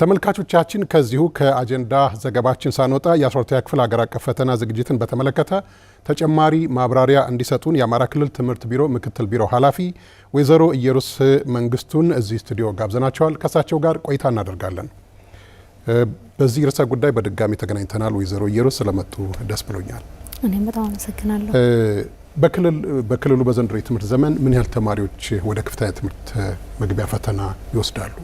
ተመልካቾቻችን ከዚሁ ከአጀንዳ ዘገባችን ሳንወጣ የ12ኛ ክፍል ሀገር አቀፍ ፈተና ዝግጅትን በተመለከተ ተጨማሪ ማብራሪያ እንዲሰጡን የአማራ ክልል ትምህርት ቢሮ ምክትል ቢሮ ኃላፊ ወይዘሮ ኢየሩስ መንግስቱን እዚህ ስቱዲዮ ጋብዘናቸዋል። ከእሳቸው ጋር ቆይታ እናደርጋለን። በዚህ ርዕሰ ጉዳይ በድጋሚ ተገናኝተናል። ወይዘሮ ኢየሩስ ስለመጡ ደስ ብሎኛል። እኔም በጣም አመሰግናለሁ። በክልሉ በዘንድሮ የትምህርት ዘመን ምን ያህል ተማሪዎች ወደ ከፍተኛ ትምህርት መግቢያ ፈተና ይወስዳሉ?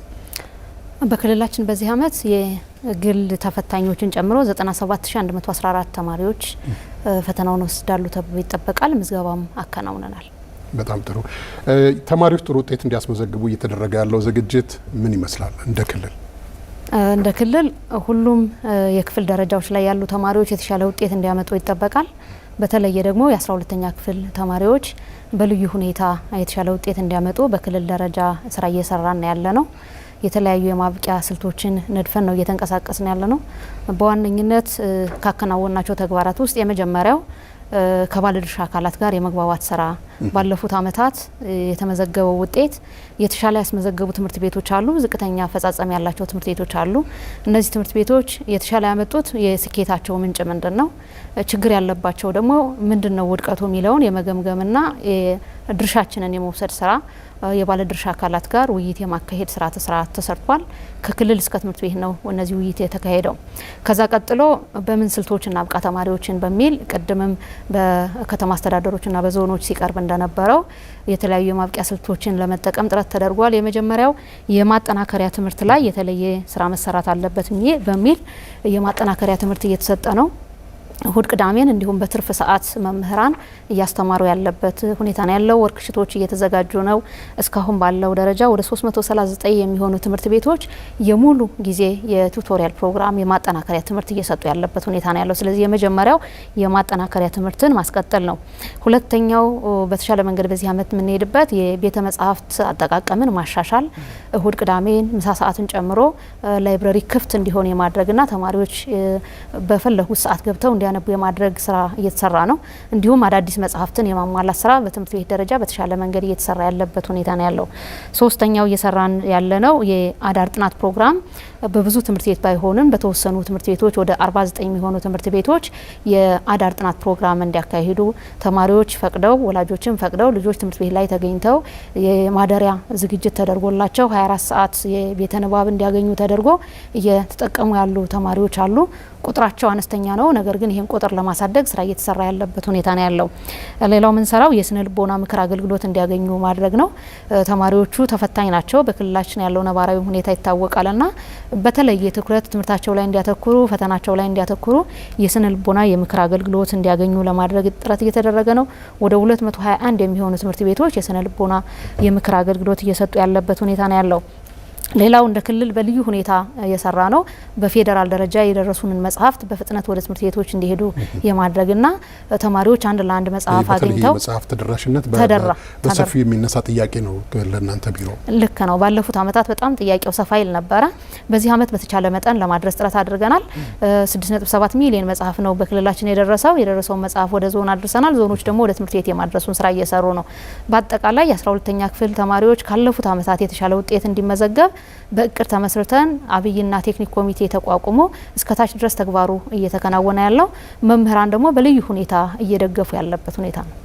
በክልላችን በዚህ አመት የግል ተፈታኞችን ጨምሮ 97114 ተማሪዎች ፈተናውን ወስዳሉ ተብሎ ይጠበቃል። ምዝገባም አከናውነናል። በጣም ጥሩ። ተማሪዎች ጥሩ ውጤት እንዲያስመዘግቡ እየተደረገ ያለው ዝግጅት ምን ይመስላል? እንደ ክልል እንደ ክልል ሁሉም የክፍል ደረጃዎች ላይ ያሉ ተማሪዎች የተሻለ ውጤት እንዲያመጡ ይጠበቃል። በተለየ ደግሞ የአስራ ሁለተኛ ክፍል ተማሪዎች በልዩ ሁኔታ የተሻለ ውጤት እንዲያመጡ በክልል ደረጃ ስራ እየሰራን ያለ ነው። የተለያዩ የማብቂያ ስልቶችን ነድፈን ነው እየተንቀሳቀስን ያለ ነው። በዋነኝነት ካከናወናቸው ተግባራት ውስጥ የመጀመሪያው ከባለድርሻ አካላት ጋር የመግባባት ስራ ባለፉት አመታት የተመዘገበው ውጤት የተሻለ ያስመዘገቡ ትምህርት ቤቶች አሉ፣ ዝቅተኛ አፈጻጸም ያላቸው ትምህርት ቤቶች አሉ። እነዚህ ትምህርት ቤቶች የተሻለ ያመጡት የስኬታቸው ምንጭ ምንድን ነው፣ ችግር ያለባቸው ደግሞ ምንድን ነው ውድቀቱ የሚለውን የመገምገምና ድርሻችንን የመውሰድ ስራ የባለ ድርሻ አካላት ጋር ውይይት የማካሄድ ስራ ስርዓት ተሰርቷል። ከክልል እስከ ትምህርት ቤት ነው እነዚህ ውይይት የተካሄደው። ከዛ ቀጥሎ በምን ስልቶችና ብቃ ተማሪዎችን በሚል ቅድምም በከተማ አስተዳደሮችና በዞኖች ሲቀርብ እንደነበረው የተለያዩ የማብቂያ ስልቶችን ለመጠቀም ጥረት ተደርጓል። የመጀመሪያው የማጠናከሪያ ትምህርት ላይ የተለየ ስራ መሰራት አለበት በሚል የማጠናከሪያ ትምህርት እየተሰጠ ነው። እሁድ ቅዳሜን እንዲሁም በትርፍ ሰዓት መምህራን እያስተማሩ ያለበት ሁኔታ ነው ያለው። ወርክሽቶች እየተዘጋጁ ነው። እስካሁን ባለው ደረጃ ወደ 339 የሚሆኑ ትምህርት ቤቶች የሙሉ ጊዜ የቱቶሪያል ፕሮግራም የማጠናከሪያ ትምህርት እየሰጡ ያለበት ሁኔታ ነው ያለው። ስለዚህ የመጀመሪያው የማጠናከሪያ ትምህርትን ማስቀጠል ነው። ሁለተኛው በተሻለ መንገድ በዚህ ዓመት የምንሄድበት የቤተ መጽሐፍት አጠቃቀምን ማሻሻል፣ እሁድ ቅዳሜን ምሳ ሰዓትን ጨምሮ ላይብረሪ ክፍት እንዲሆን የማድረግና ተማሪዎች በፈለጉት ሰዓት ገብተው እንዲያነቡ የማድረግ ስራ እየተሰራ ነው። እንዲሁም አዳዲስ መጽሐፍትን የማሟላት ስራ በትምህርት ቤት ደረጃ በተሻለ መንገድ እየተሰራ ያለበት ሁኔታ ነው ያለው። ሶስተኛው እየሰራን ያለ ነው የአዳር ጥናት ፕሮግራም በብዙ ትምህርት ቤት ባይሆንም በተወሰኑ ትምህርት ቤቶች ወደ 49 የሚሆኑ ትምህርት ቤቶች የአዳር ጥናት ፕሮግራም እንዲያካሂዱ ተማሪዎች ፈቅደው ወላጆችም ፈቅደው ልጆች ትምህርት ቤት ላይ ተገኝተው የማደሪያ ዝግጅት ተደርጎላቸው 24 ሰዓት የቤተ ንባብ እንዲያገኙ ተደርጎ እየተጠቀሙ ያሉ ተማሪዎች አሉ። ቁጥራቸው አነስተኛ ነው። ነገር ግን ይህን ቁጥር ለማሳደግ ስራ እየተሰራ ያለበት ሁኔታ ነው ያለው። ሌላው ምንሰራው የስነ ልቦና ምክር አገልግሎት እንዲያገኙ ማድረግ ነው። ተማሪዎቹ ተፈታኝ ናቸው። በክልላችን ያለው ነባራዊ ሁኔታ ና በተለየ ትኩረት ትምህርታቸው ላይ እንዲያተኩሩ፣ ፈተናቸው ላይ እንዲያተኩሩ የስነ ልቦና የምክር አገልግሎት እንዲያገኙ ለማድረግ ጥረት እየተደረገ ነው። ወደ 221 የሚሆኑ ትምህርት ቤቶች የስነ ልቦና የምክር አገልግሎት እየሰጡ ያለበት ሁኔታ ነው ያለው። ሌላው እንደ ክልል በልዩ ሁኔታ የሰራ ነው። በፌዴራል ደረጃ የደረሱንን መጽሐፍት በፍጥነት ወደ ትምህርት ቤቶች እንዲሄዱ የማድረግና ተማሪዎች አንድ ለአንድ መጽሐፍ አግኝተው መጽሐፍ ተደራሽነት በሰፊው የሚነሳ ጥያቄ ነው ለእናንተ ቢሮ። ልክ ነው። ባለፉት ዓመታት በጣም ጥያቄው ሰፋ ይል ነበረ። በዚህ አመት በተቻለ መጠን ለማድረስ ጥረት አድርገናል። 6.7 ሚሊዮን መጽሐፍ ነው በክልላችን የደረሰው። የደረሰውን መጽሐፍ ወደ ዞን አድርሰናል። ዞኖች ደግሞ ወደ ትምህርት ቤት የማድረሱን ስራ እየሰሩ ነው። በአጠቃላይ የ12ኛ ክፍል ተማሪዎች ካለፉት ዓመታት የተሻለ ውጤት እንዲመዘገብ በእቅድ ተመስርተን አብይና ቴክኒክ ኮሚቴ ተቋቁሞ እስከታች ድረስ ተግባሩ እየተከናወነ ያለው መምህራን ደግሞ በልዩ ሁኔታ እየደገፉ ያለበት ሁኔታ ነው።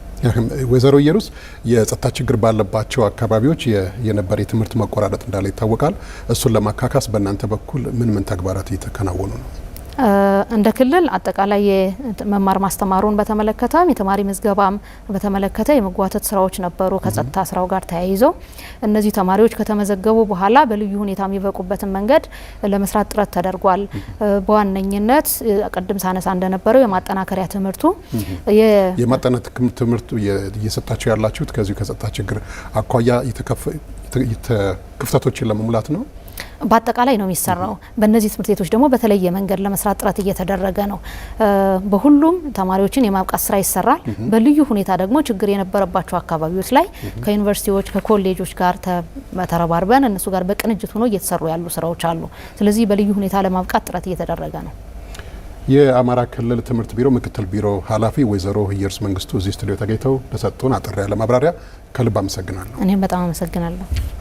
ወይዘሮ ኢየሩስ የጸጥታ ችግር ባለባቸው አካባቢዎች የነበረ የትምህርት መቆራረጥ እንዳለ ይታወቃል። እሱን ለማካካስ በእናንተ በኩል ምን ምን ተግባራት እየተከናወኑ ነው? እንደ ክልል አጠቃላይ የመማር ማስተማሩን በተመለከተም የተማሪ ምዝገባም በተመለከተ የመጓተት ስራዎች ነበሩ። ከጸጥታ ስራው ጋር ተያይዞ እነዚህ ተማሪዎች ከተመዘገቡ በኋላ በልዩ ሁኔታ የሚበቁበትን መንገድ ለመስራት ጥረት ተደርጓል። በዋነኝነት ቅድም ሳነሳ እንደነበረው የማጠናከሪያ ትምህርቱ የማጠናከሪያ ትምህርቱ እየሰጣቸው ያላችሁት ከዚሁ ከጸጥታ ችግር አኳያ ክፍተቶችን ለመሙላት ነው። በአጠቃላይ ነው የሚሰራው። በእነዚህ ትምህርት ቤቶች ደግሞ በተለየ መንገድ ለመስራት ጥረት እየተደረገ ነው። በሁሉም ተማሪዎችን የማብቃት ስራ ይሰራል። በልዩ ሁኔታ ደግሞ ችግር የነበረባቸው አካባቢዎች ላይ ከዩኒቨርሲቲዎች ከኮሌጆች ጋር ተረባርበን እነሱ ጋር በቅንጅት ሆኖ እየተሰሩ ያሉ ስራዎች አሉ። ስለዚህ በልዩ ሁኔታ ለማብቃት ጥረት እየተደረገ ነው። የአማራ ክልል ትምህርት ቢሮ ምክትል ቢሮ ኃላፊ ወይዘሮ ህየርስ መንግስቱ እዚህ ስቱዲዮ ተገኝተው ለሰጡን አጠር ያለ ማብራሪያ ከልብ አመሰግናለሁ። እኔም በጣም አመሰግናለሁ።